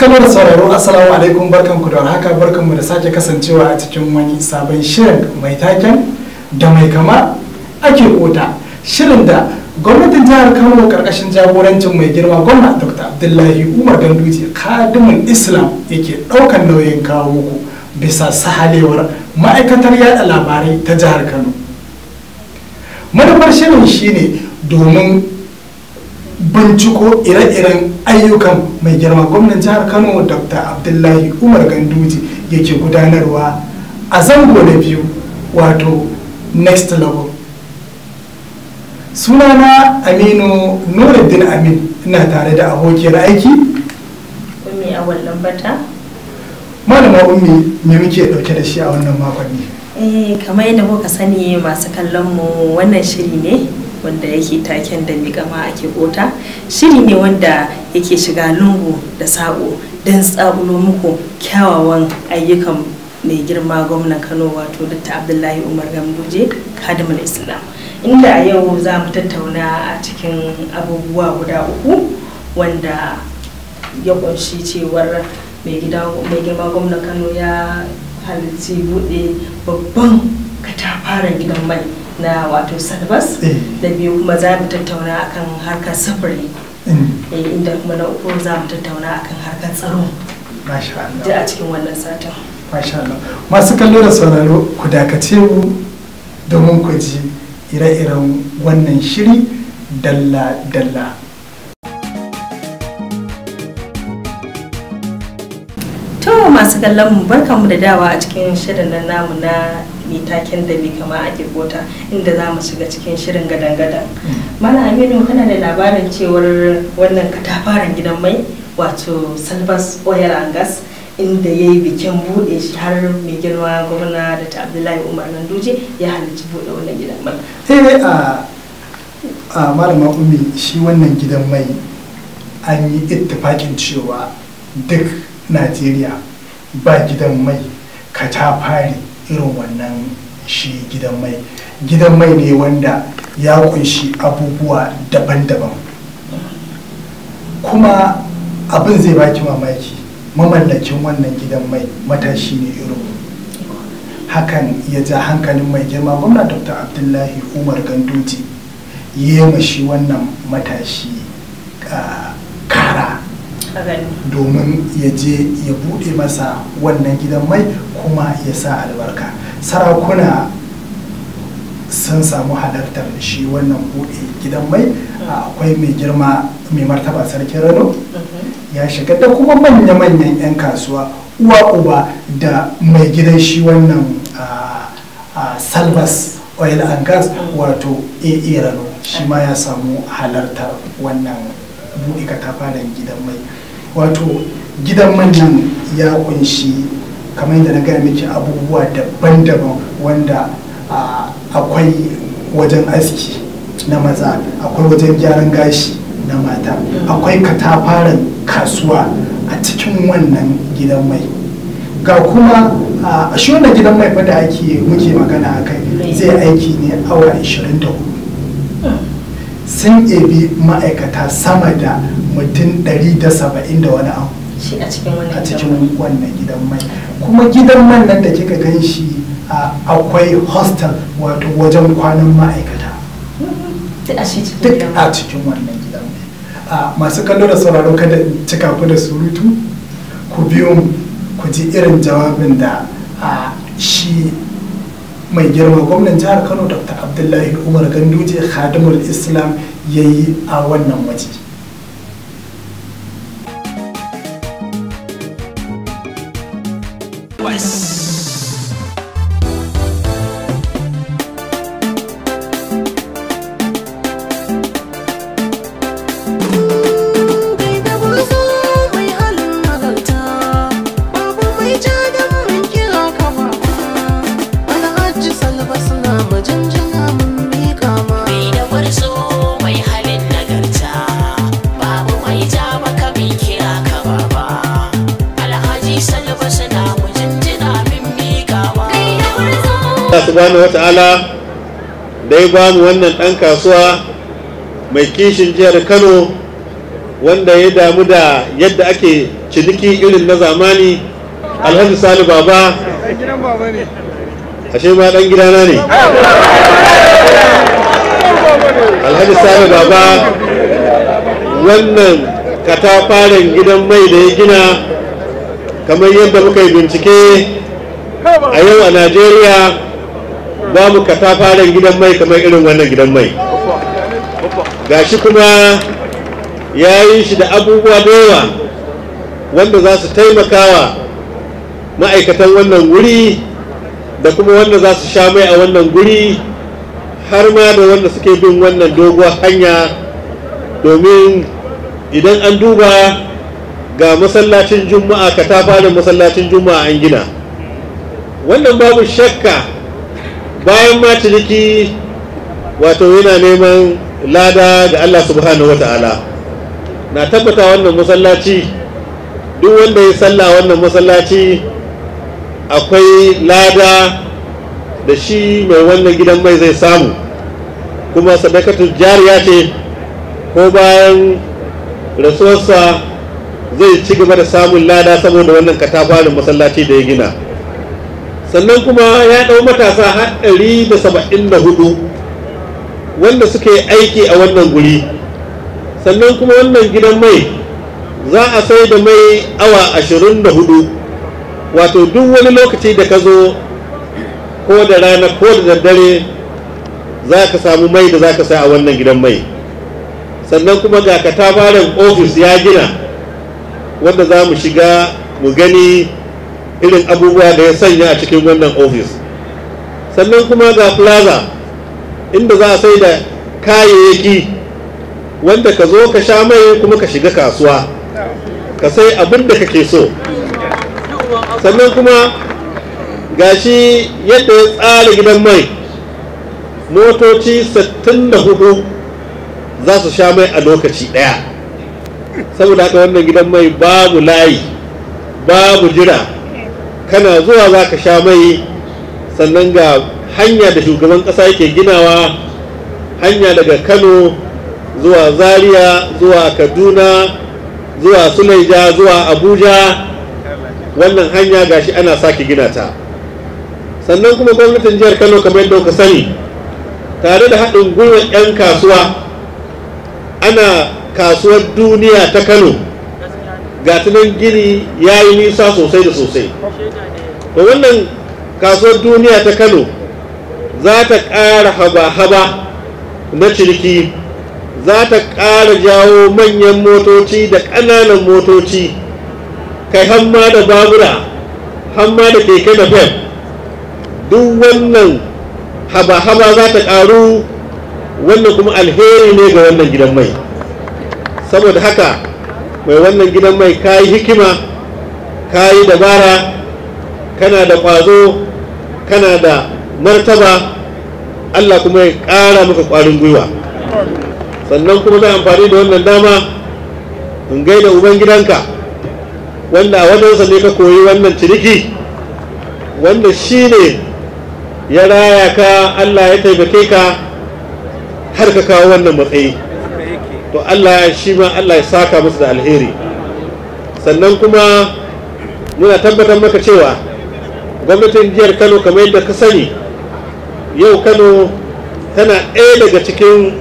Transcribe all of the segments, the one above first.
kamar sauraro assalamu alaikum barkan ku da haka barkan mu da sake kasancewa a cikin wani sabon shirin mai taken da mai kama ake kota shirin da gwamnatin jihar kano karkashin jagorancin mai girma gwamna dr abdullahi umar ganduje kadimin islam yake daukan nauyin kawo ku bisa sahalewar ma'aikatar yada labarai ta jihar kano manufar shirin shine domin binciko ire-iren ayyukan mai girma gwamnan jihar kano dr abdullahi umar ganduji yake gudanarwa a zango na biyu wato next level sunana aminu nuruddin amin ina tare da abokiyar aiki ummi a wallon bata malama ummi me muke dauke da shi a wannan makon eh kamar yadda kuka sani masu kallon mu wannan shiri ne wanda yake taken da miƙama ake bota shiri ne wanda yake shiga lungu da saƙo don tsabulo muku kyawawan ayyukan mai girma gwamnan kano wato dr abdullahi umar gamduje kadimul islam inda a yau za mu tattauna a cikin abubuwa guda uku wanda ya kunshi cewar mai girma gwamnan kano ya halarci bude babban katafaren gidan mai na wato salbas da eh. biyu kuma za mu tattauna akan harkar sufuri mm. eh, inda kuma na uku za mu tattauna akan harkar tsaro da a cikin wannan satin masu kallo da sauraro ku dakace mu domin ku ji ire-iren wannan shiri dalla-dalla to masu kallon mu barkanmu da dawa a cikin shirin namu na mai taken da mai kama a kirkota inda za mu shiga cikin shirin gadan-gadan hmm. mana aminu kana da labarin cewar wannan katafaren gidan mai wato salvas oil and gas inda ya yi bikin buɗe shi har mai girma gwamna da ta abdullahi umar nanduje ya halarci buɗe wannan gidan mai sai dai a malama umi shi wannan gidan mai an yi ittifakin cewa duk najeriya ba gidan mai katafari irin wannan shi gidan mai gidan mai ne wanda ya kunshi abubuwa daban-daban kuma abin zai baki mamaki mamallakin wannan gidan mai matashi ne irin hakan ya ja hankalin mai girma gwamna dr abdullahi umar ganduji ya yi shi wannan matashi domin ya je ya buɗe masa wannan gidan mai kuma ya sa albarka sarakuna sun samu halartar shi wannan bude gidan mai akwai mai girma mai martaba sarkin rano mhm. ya shiga da kuma manya-manyan 'yan kasuwa uwa uba da mai gidan shi wannan salvas oil and gas mhm. wato a rano shi ma ya samu halartar wannan buɗe katafaren gidan mai wato gidan man nan ya kunshi kamar yadda na gaya miki abubuwa daban-daban wanda akwai wajen aski na maza akwai wajen gyaran gashi na mata akwai katafaren kasuwa a cikin wannan gidan mai ga kuma a shi wannan gidan mai fa da ake muke magana a kai zai aiki ne awa 24 sun ebi ma'aikata sama da mutum 170 da wani abu a cikin wannan gidan mai kuma gidan man nan da kika gan shi akwai hostel wato wajen kwanan ma'aikata duk a cikin wannan gidan mai masu kallo da sauraro kada cika ku da surutu ku biyo ku ji irin jawabin da shi mai girma gwamnan jihar kano dr abdullahi umar ganduje khadimul islam ya yi a wannan waje ta'ala da ya ba mu wannan ɗan kasuwa mai kishin jihar kano wanda ya damu da yadda ake ciniki irin na zamani alhaji Sani baba ashe ma ɗan gidana ne alhaji sali baba wannan katafaren gidan mai da ya gina kamar yadda muka yi bincike a yau a najeriya ba mu katafaren gidan mai kamar irin wannan gidan mai gashi kuma ya yi shi da abubuwa dawa wanda za su taimakawa ma'aikatan wannan wuri da kuma wanda za su sha mai a wannan guri har ma da wanda suke bin wannan doguwa hanya domin idan an duba ga masallacin juma'a ka da masallacin juma'a an gina wannan babu shakka bayan ma ciniki wato yana neman lada ga Allah subhanahu ta'ala, na tabbata wannan masallaci duk wanda ya salla wannan masallaci akwai lada da shi mai wannan gidan mai zai samu kuma sadakatul jariya ce ko bayan rasuwarsa zai ci gaba da samun lada saboda wannan katafalin masallaci da ya gina sannan kuma ya ɗau matasa haɗari da saba'in da hudu wanda suke aiki a wannan guri sannan kuma wannan gidan mai za a sai da mai awa ashirin da hudu wato duk wani lokaci da ka zo ko da rana ko da daddare za ka samu mai da za ka sai a wannan gidan mai sannan kuma ga tabarin ofis ya gina wanda za mu shiga mu gani irin abubuwa da ya sanya a cikin wannan ofis sannan kuma ga plaza inda za a sai da kayayyaki wanda ka zo ka sha mai kuma ka shiga kasuwa ka sai abin da kake so sannan kuma ga shi yadda ya tsara gidan mai motoci 64 za su sha mai a lokaci ɗaya saboda haka wannan gidan mai babu layi babu jira kana zuwa za ka sha mai sannan ga hanya da shugaban ƙasa yake ginawa hanya daga kano zuwa zaria zuwa kaduna zuwa sulaija zuwa abuja wannan hanya gashi ana sake gina ta sannan kuma gwamnatin jihar kano kamar yadda ka sani tare da haɗin gwiwar 'yan kasuwa ana kasuwar duniya ta kano ga nan gini ya yi nisa sosai da sosai to wannan kasuwar duniya ta kano za ta ƙara haba-haba na ciniki za ta ƙara jawo manyan motoci da ƙananan motoci kai hamma da babura hamma da keke da fem duk wannan haba-haba za ta ƙaru wannan kuma alheri ne ga wannan gidan mai saboda haka mai wannan gidan mai kayi hikima kayi dabara kana da kwazo kana da martaba allah kuma ya ƙara maka ƙwarin gwiwa sannan kuma zai amfani da wannan dama in gaida uban gidanka wanda a wajensa ne ka koyi wannan ciniki wanda shi ne ya raya ka allah ya taimake ka har ka kawo wannan matsayi to Allah shi ma Allah ya saka musu da alheri sannan kuma muna tabbatar maka cewa gwamnatin jihar Kano kamar yadda ka sani yau Kano tana ɗaya daga cikin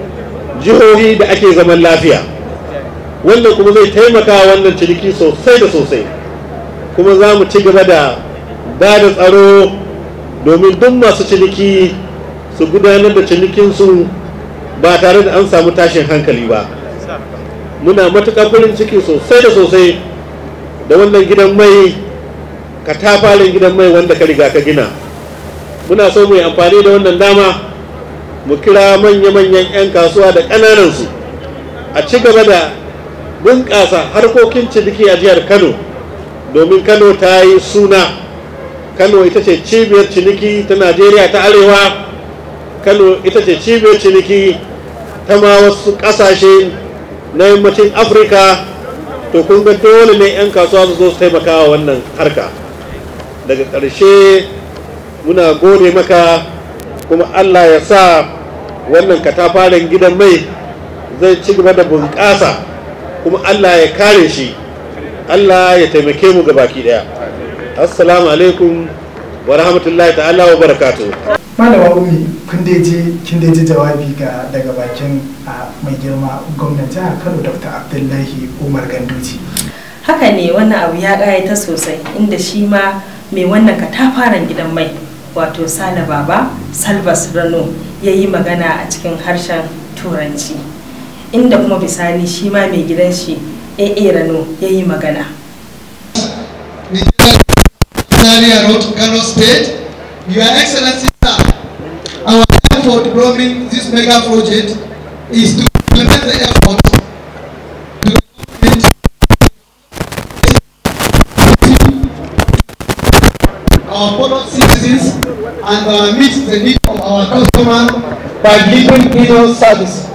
jihohi da ake zaman lafiya wannan kuma zai taimaka wannan ciniki sosai da sosai kuma za mu ci gaba da ba da tsaro domin duk masu ciniki su gudanar da cinikinsu ba tare da an samu tashin hankali ba muna matuƙa farin ciki sosai da sosai da wannan gidan mai ka gidan mai wanda ka riga ka gina muna so mu yi amfani da wannan dama mu kira manya-manyan 'yan kasuwa da ƙananansu a ci gaba da bunƙasa harkokin ciniki a jihar kano domin kano ta yi suna kano ita ce cibiyar ciniki ta najeriya ta arewa kano ita ce cibiyar ciniki ta ma wasu ƙasashe na yammacin afirka to kun ga dole ne 'yan kasuwa su zo su taimaka wa wannan harka daga ƙarshe muna gode maka kuma allah ya sa wannan katafaren gidan mai zai ci gaba da bunƙasa kuma allah ya kare shi allah ya taimake mu ga baki ɗaya assalamu alaikum wa rahmatullahi ta'ala wa barakatu. kun dai ji jawabi ga daga bakin mai girma gwamnan a kano dr abdullahi umar Ganduji. haka ne wannan abu ya ƙayata sosai inda shi ma mai wannan katafaren gidan mai wato sale baba salvas rano ya yi magana a cikin harshen turanci inda kuma bisani shi ma mai gidan shi aa rano ya yi magana Your Excellency for developing this mega project is to implement the effort our fellow citizens and uh, meet the need of our customer by giving video service.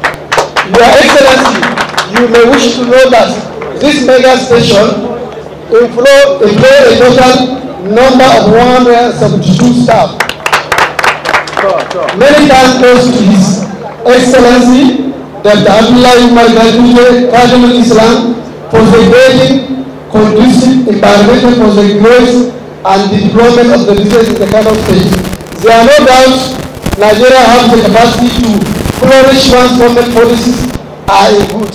Your Excellency, you may wish to know that this mega station employs a total number of 172 staff. Many thanks goes to His Excellency Dr. Abdullahi Margaduye, Cardinal Islam, for the very conducive environment for the growth and development of the research in the Kano state. There are no doubt Nigeria has the capacity to flourish once government policies are in good.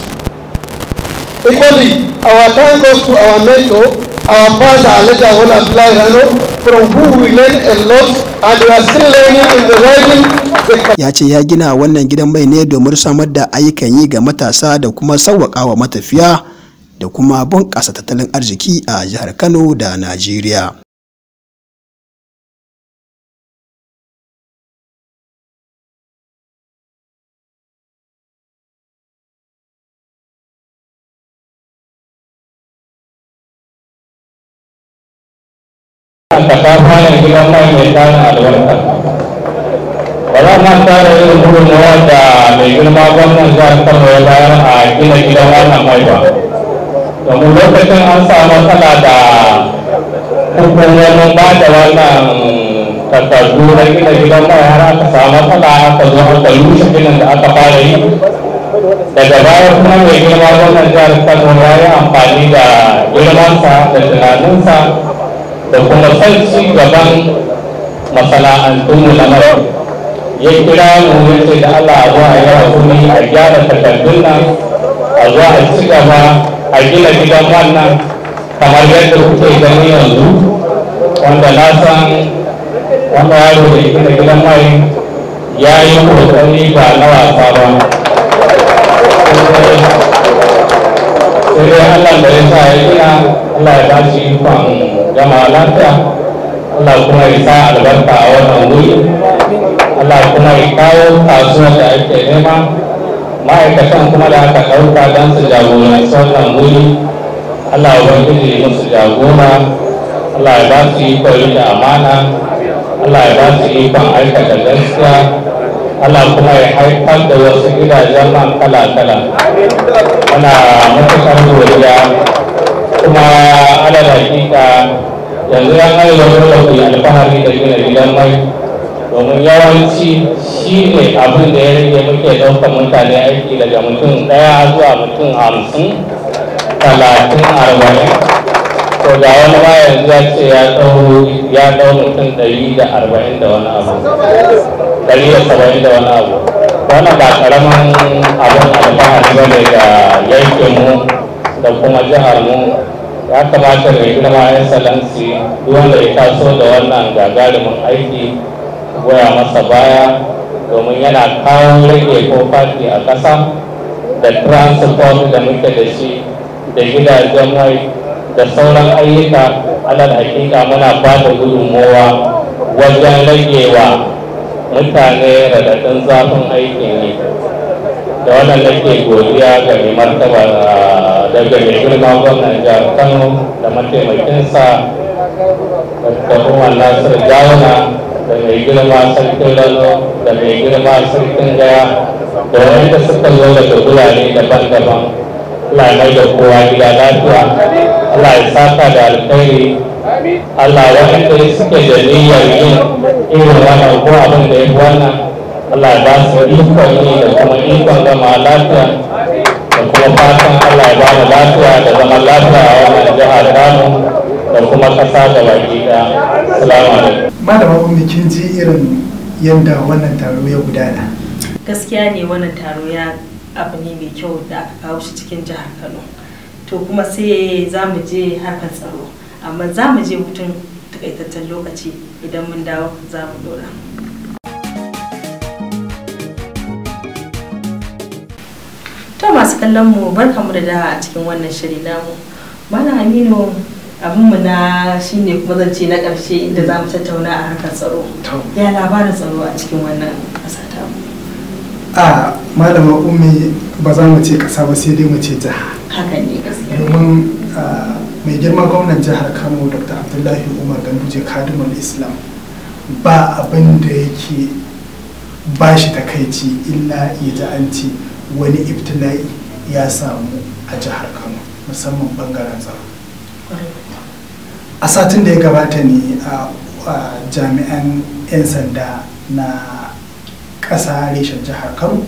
Equally, our thanks goes to our mentor, Our father, later on, applied from who we learn a lot and we are still learning in the writing. Ya ce ya gina wannan gidan mai ne domin samar da ayyukan yi ga matasa da kuma sauwaƙa wa matafiya da kuma bunƙasa tattalin arziki a jihar Kano da Najeriya. Ah, takapa yang kita maimaita albarka wannan tare da gudunmawa da mai girma gwamnan jihar kano ya bayar a gina gidan wannan haifa domin lokacin an samu matsala da hukumomin ba da wannan takardu na gina gidan mai har aka samu matsala aka zo aka rushe ginin da aka fara da kuma son ci gaban masana'antun lamarin ya kira mu yace da Allah a zo a yi a gyara takardun nan a zo a ci gaba a gina gidan wannan kamar yadda kuke gani yanzu wanda na san wanda yaro da gina gidan mai ya yi kokari ba na wasa ba sai dai Allah da ya sa ya iya Allah ya bashi ikon gama lafiya Allah kuma ya sa albarka a wannan wuri Allah kuma ya kawo kasuwar da ake nema ma'aikatan kuma da aka ɗauka don su jagoranci wannan wuri Allah ya ubangiji musu jagora Allah ya ba su ikon da amana Allah ya ba su ikon aikata gaskiya Allah kuma ya haifar da wasu gidajen man kala-kala ana matuƙar godiya kuma ala hakika yanzu ya kai da ku alfahari da gina gidan mai domin yawanci shi ne abin da ya rage muke ɗaukar mutane aiki daga mutum ɗaya zuwa mutum hamsin talatin arba'in to da wani ma ya ce ya ɗau ya ɗau mutum ɗari da arba'in da wani abu ɗari da saba'in da wani abu wannan ba ƙaramin abin alfahari ba ne ga yankinmu da kuma jihar mu ya kamata mai girma yan salansi dole ya taso da wannan gagarumin aiki goya masa baya domin yana kawo rage ko fati a ƙasa da transport da muke da shi da gidajen mai da sauran ayyuka alal hakika muna bada da gudunmowa wajen ragewa mutane raɗaɗin zafin aiki yi da wannan nake godiya ga mai martaba daga mai girma gwamnan jihar kano da mataimakinsa da kuma nasir jawuna da mai girma sarkin lalo da mai girma sarkin gaya da wanda suka zo daga gurare daban-daban lanai da kowa gida lafiya Allah ya saka da alkhairi Allah waɗanda suke da niyyar yin irin wannan ko abin da ya fi wannan Allah ya ba su ikon yi da kuma ikon zama lafiya da kuma fatan Allah ya ba mu lafiya da zama lafiya a wannan jihar Kano da kuma ƙasa da baki da Salamu alaikum. Malama Ummi kin ji irin yadda wannan taro ya gudana. Gaskiya ne wannan taro ya abu ne mai kyau da aka kawo shi cikin jihar Kano. to kuma sai za mu je harkar tsaro amma za mu je mutum takaitaccen lokaci idan mun dawo za mu dora to masu kallon mu barka mu da da a cikin wannan shiri namu mana aminu mu na shine kuma zan ce na ƙarshe inda za mu tattauna a harkar tsaro ya labarin tsaro a cikin wannan ƙasa ta a malama ummi ba za mu ce kasa ba sai dai mu ce jiha hakan ne gaskiya domin ah, mai girma gwamnan jihar kano dr abdullahi umar ganduje kadimul islam ba abin da yake ba shi takaici illa ya ji an ce wani ibtila'i ya samu a jihar kano musamman bangaren tsaro a satin da ya gabata ne a ah, ah, jami'an 'yan sanda na ƙasa reshen jihar kano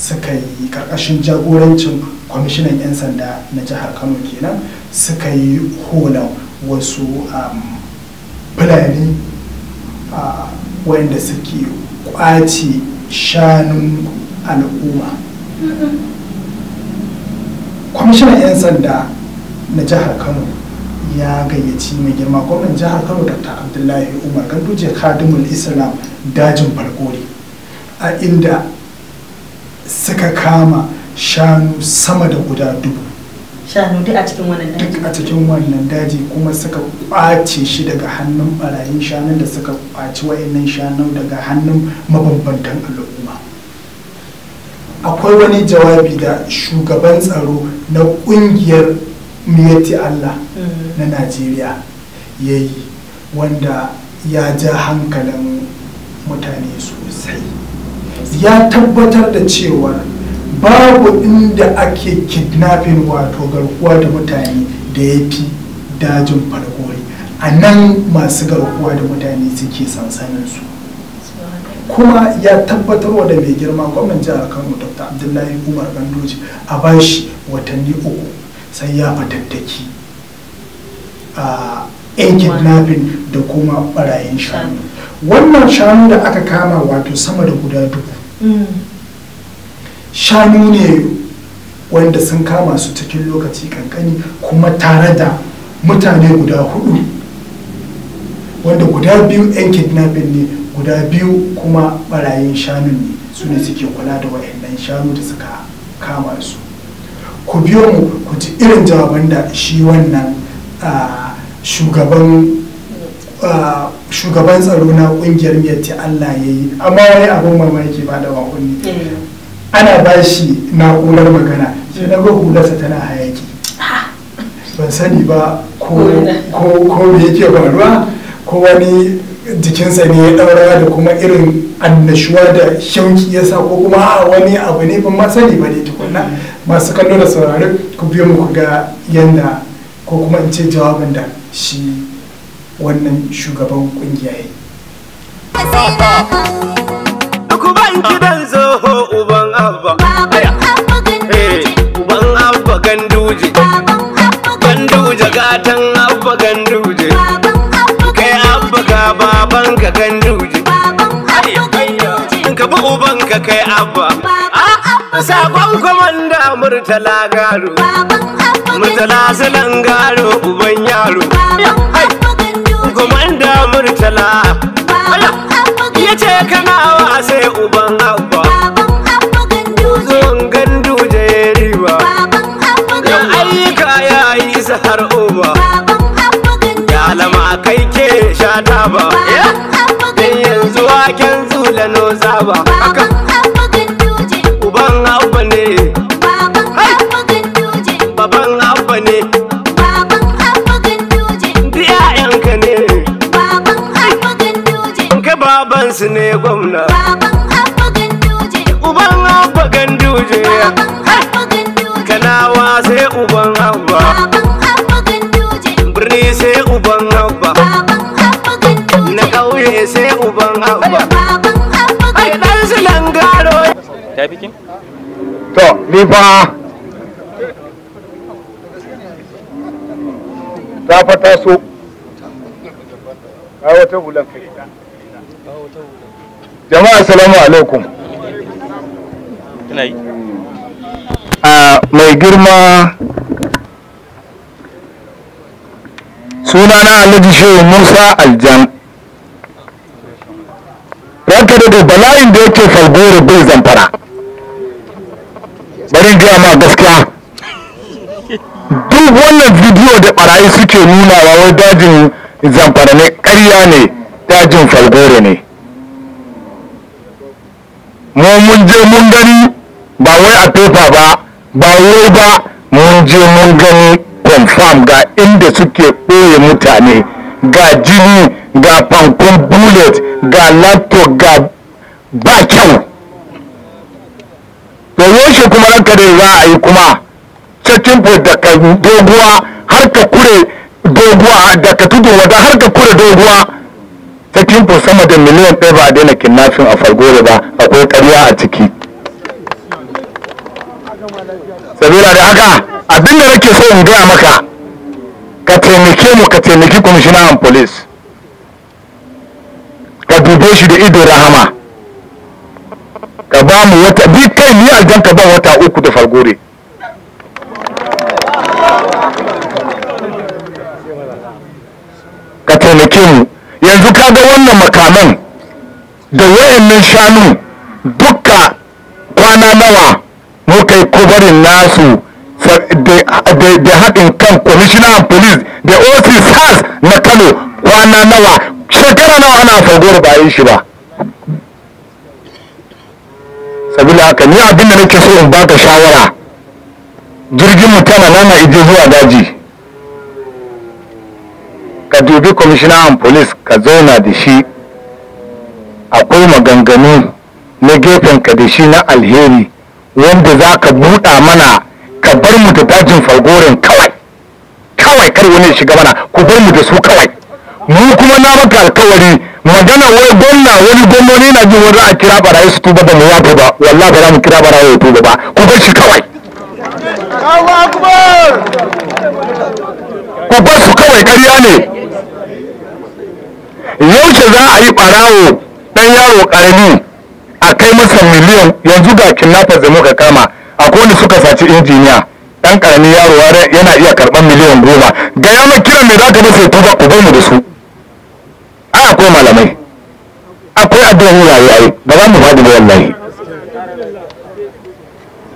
suka yi karkashin jagorancin kwamishinan 'yan sanda na jihar kano kenan suka yi hula wasu um, fulani wanda suke kwace shanun al'umma kwamishinan 'yan sanda na jihar kano ya gayyaci mai girma gwamnan jihar kano dr abdullahi umar ganduje kadimul islam dajin farko a inda suka kama shanu sama da guda dubu duk a cikin wannan daji a cikin wannan daji kuma suka kwace shi daga hannun barayin shanun da suka kwaci wayannan shanun daga hannun mabambantan al'umma akwai wani jawabi da shugaban tsaro na kungiyar miyati Allah mm. na Najeriya ya yi wanda ya ja hankalin mutane sosai ya tabbatar da cewa babu inda ake kidnafin wato garkuwa da mutane da ya fi dajin fargori a nan masu garkuwa da mutane suke sansaninsu kuma ya tabbatarwa da mai girma gwamnan jihar kano dr abdullahi umar gandoji a bashi watanni uku sai ya fatattaki a ah, yan kidnafin da kuma barayin shanu wannan shanu da aka kama wato sama da guda dubu shanu ne wanda sun kama su cikin lokaci kankani kuma tare da mutane guda hudu wanda guda biyu 'yan kidnapping ne guda biyu kuma barayin shanun ne su ne suke kula da waɗannan shanu da suka kama su ku biyo mu ku ji irin jawaban da shi wannan ah, shugaban ah, shugaban tsaro na kungiyar ta Allah ya yi amma wani abin mamaki ba da wa'unni eh. ana ba shi na'urar magana sai na ga hularsa tana hayaki ban sani ba ko me yake faruwa ko wani jikinsa ne ya daura da kuma irin annashuwa da shauki ya sa ko kuma a wani abu ne ban ma sani ba ne tukunna masu kallo da saurari ku biyo mu ga yanda ko kuma in ce jawabin da shi wannan shugaban kungiya ya yi gidan sabon eh, kwamanda ah, murtala garo murtala murtala ya ce kana wa sai uban abba zuwan gandu da ya riba yan ayyuka ya yi su har uba ya lama kai ke shata ba ya yanzu waken zulano zaba ba. su ne gwamna uban kanawa sai uban abba birni sai uban abba na kauye sai uban abba to ni fa ta fata so wata kai jama'a salamu alaikum a mai girma suna na alhaji shehu musa aljan ranka da bala'in da yake falgore bai zamfara bari gaya ma gaskiya duk wannan bidiyo da barayi suke nunawa wai dajin zamfara ne karya ne dajin falgore ne mu mun je mun gani ba wai a fefa ba ba wai ba mun je mun gani confirm ga inda suke ɓoye mutane ga jini ga fankon bullet ga laptop ga ba kyau to yaushe kuma ranka da za a yi kuma cikin daga doguwa har ka kure doguwa daga tudu wada har ka kure doguwa ta kimfo sama da miliyan ɗaya ba a daina kinnafin a falgore ba akwai ƙarya a ciki sabila da haka abinda nake so in gaya maka ka taimake mu ka taimaki kwamishinan polis ka dube shi da ido rahama ka ba mu wata bi kai ni aljanka ba wata uku da falgore makaman da wayannan shanu duka kwana nawa muka yi kubarin nasu da haɗin kan commissioner police da ofis has na kano kwana nawa shekara nawa ana fagowar bayan shi ba sabila haka ni abinda nake so in baka shawara jirgin mu nana ije zuwa daji ka dubi kwamishinan polis ka zauna da shi akwai maganganu na gefen ka da shi na alheri wanda za ka buɗa mana ka bar mu da dajin falgoren kawai kawai kar wani shiga mana ku bar mu da su kawai mu kuma na maka alkawari magana wai gwamna wani gwamnoni na jin wani a kira barayi su tuba da mu yafe ba wallahi ba za mu kira barayi ya tuba ba ku bar shi kawai ku bar su kawai karya ne yaushe za a yi ɓarawo ɗan yaro ƙarami a kai masa miliyan yanzu ga kinnafa zai muka kama akwai wanda suka saci injiniya ɗan ƙarami yaro yana iya karɓar miliyan goma ga yana kiran me za ka masa ya tuba ku bar mu da su a akwai malamai akwai addu'an rayuwa yi ba za mu faɗi ba wallahi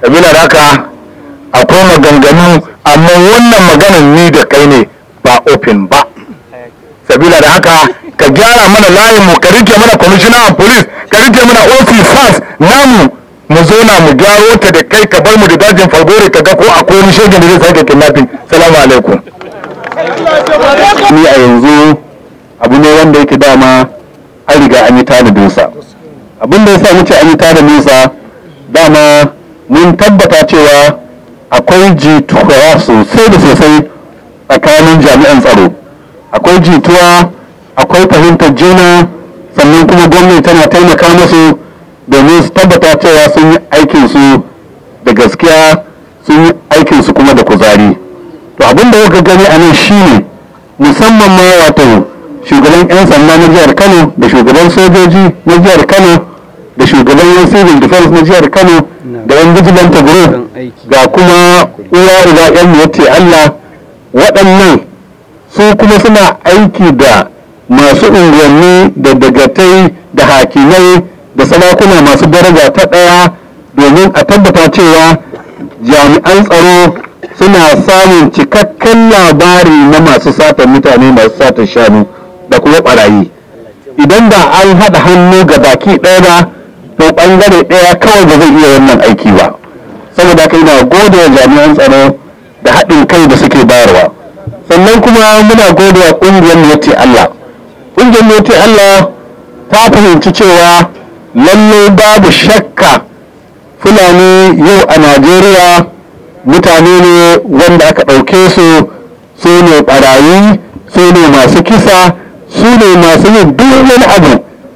abin da haka akwai maganganu amma wannan maganar ni da kai ne ba open ba sabila da haka ka gyara mana layin mu ka rike mana kwamishinan police ka rike mana officers namu mu zo na mu gyaro ta da kai ka bar mu da dajin falgore ka ga ko akwai wani shege da zai sake kidnapping salamu alaikum ni a yanzu abu ne wanda yake dama an riga an yi tanadin sa abin da yasa muke an yi tanadin sa dama mun tabbata cewa akwai jituwa sosai da sosai tsakanin jami'an tsaro akwai jituwa akwai fahimtar juna sannan kuma gwamnati tana taimaka musu domin su tabbata cewa sun yi aikinsu da gaskiya sun yi aikinsu kuma da kuzari to abin da kuka gani a nan shine musamman ma wato shugaban 'yan sanda na jihar kano da shugaban sojoji na jihar kano da shugaban yan civil defense na jihar kano da yan vigilante group ga kuma uwa uba yan mutu allah waɗannan su kuma suna aiki da masu unguwanni da dagatai da hakimai da sarakuna masu daraja ta ɗaya domin a tabbata cewa jami'an tsaro suna samun cikakken labari na masu satan mutane masu satan shanu da kuma ɓarayi idan ba an haɗa hannu ga baki ɗaya ba to ɓangare ɗaya kawai ba zai iya wannan aiki ba saboda kai na gode jami'an tsaro da haɗin kai da suke bayarwa sannan kuma muna godewa ƙungiyar Miyati Allah ƙungiyar Miyati Allah ta fahimci cewa lalle babu shakka fulani yau a Najeriya mutane ne wanda aka ɗauke su su ne ɓarayi su ne masu kisa su ne masu yin duk wani abu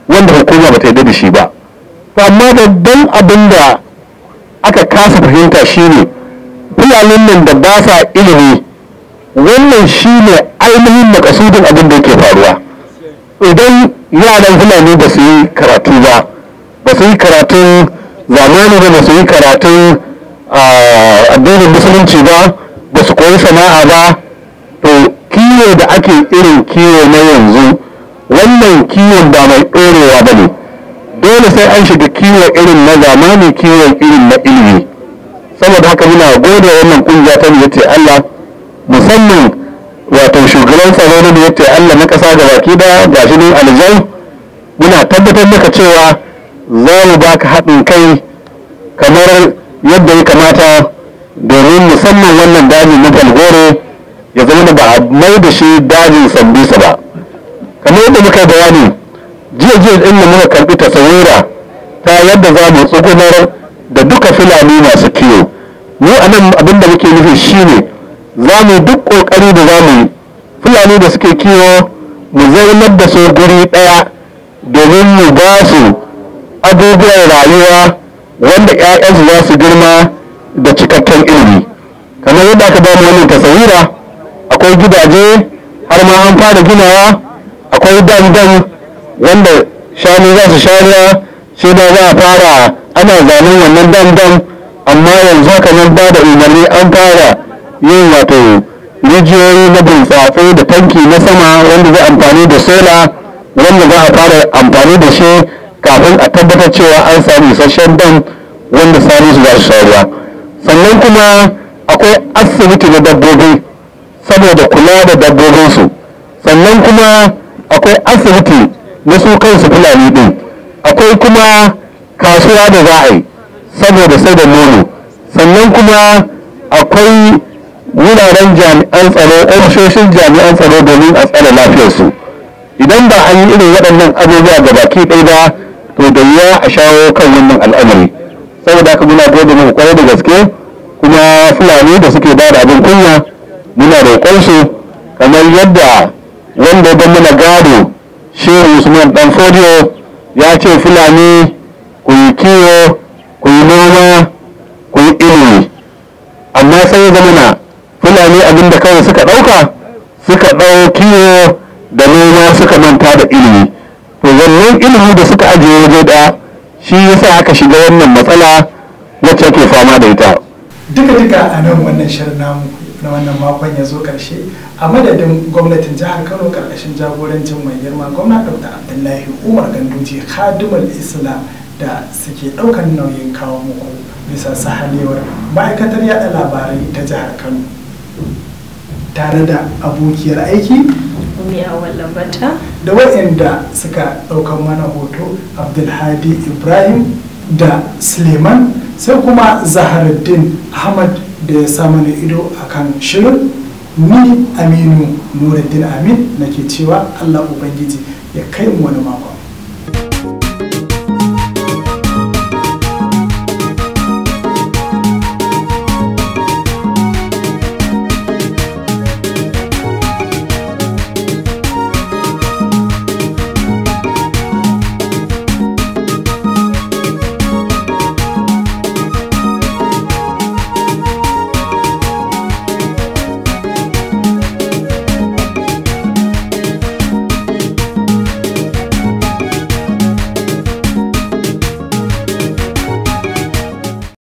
wanda hukuma ba ta yi da shi ba amma da babban abin da aka kasa fahimta shine fulanin nan da ba sa ilimi wannan shi ne ainihin makasudin abin da yake faruwa idan yaran fulani ba su yi karatu ba ba su yi karatun zamani ba ba su yi karatun addinin musulunci ba ba su koyi sana'a ba to kiwo da ake irin kiwo na yanzu wannan kiwon ba mai ɗorewa ba ne dole sai an shiga kiwo irin na zamani kiwon irin na ilimi saboda haka muna gode wannan kungiya ta ce Allah fannin wato shugaban tsaro da biyar Allah na kasa ga baki da gashi ne aljai muna tabbatar maka cewa za mu baka haɗin kai kamar yadda ya kamata domin musamman wannan dajin na falgore ya zama da ba a mai da shi dajin sambisa ba kamar yadda muka bayani jiya jiya din muka karɓi tasawira ta yadda za mu tsugunar da duka fulani masu kiwo mu anan abinda muke nufi shine za mu duk ƙoƙari da za mu yi fulani da suke kiwo mu zaunar da su guri ɗaya domin mu ba su abubuwan rayuwa wanda 'ya'yansu za su girma da cikakken ilimi kamar yadda aka ba mu wannan tasawira akwai gidaje har ma an fara ginawa akwai dandan wanda shanu za su shariya shi da za a fara ana zanen wannan dandan amma yanzu haka nan ba da umarni an fara yin wato rijiyoyi na burtsatse da tanki na sama wanda zai amfani da sola wanda za a fara amfani da shi kafin a tabbatar cewa an sami isasshen dam wanda sani su za su sannan kuma akwai asibiti na dabbobi saboda kula da dabbobinsu sannan kuma akwai asibiti na su kansu fulani din akwai kuma kasuwa da za a yi saboda sai da nono sannan kuma akwai wuraren jami'an tsaro ofishoshin jami'an tsaro domin a tsare lafiyarsu idan ba an yi irin waɗannan abubuwa ga baki ɗaya ba to da ya a shawo kan wannan al'amari saboda haka muna gode mu kwarai da gaske kuma fulani da suke ba da abin kunya muna roƙon su kamar yadda wanda ya muna gado shehu usman dan fodiyo ya ce fulani ku yi kiwo ku yi noma ku yi ilimi amma sai ya zama na abinda kawai suka ɗauka suka ɗau kiwo da noma suka manta da ilimi to wannan ilimi da suka ajiye waje ɗaya shi yasa aka shiga wannan matsala wacce ke fama da ita duka duka a nan wannan shirin namu na wannan makon ya zo karshe a madadin gwamnatin jihar kano karkashin jagorancin mai girma gwamna dr abdullahi umar ganduje khadimul islam da suke ɗaukar nauyin kawo muku bisa sahalewar ma'aikatar yada labarai ta jihar kano tare da abokiyar aiki da waɗanda suka ɗaukar mana hoto abdulhadi ibrahim da suleiman sai kuma zaharuddin ahmad da ya sa mana ido a kan shirin ni aminu nuruddin amin nake cewa allah ubangiji ya kai mu wani mako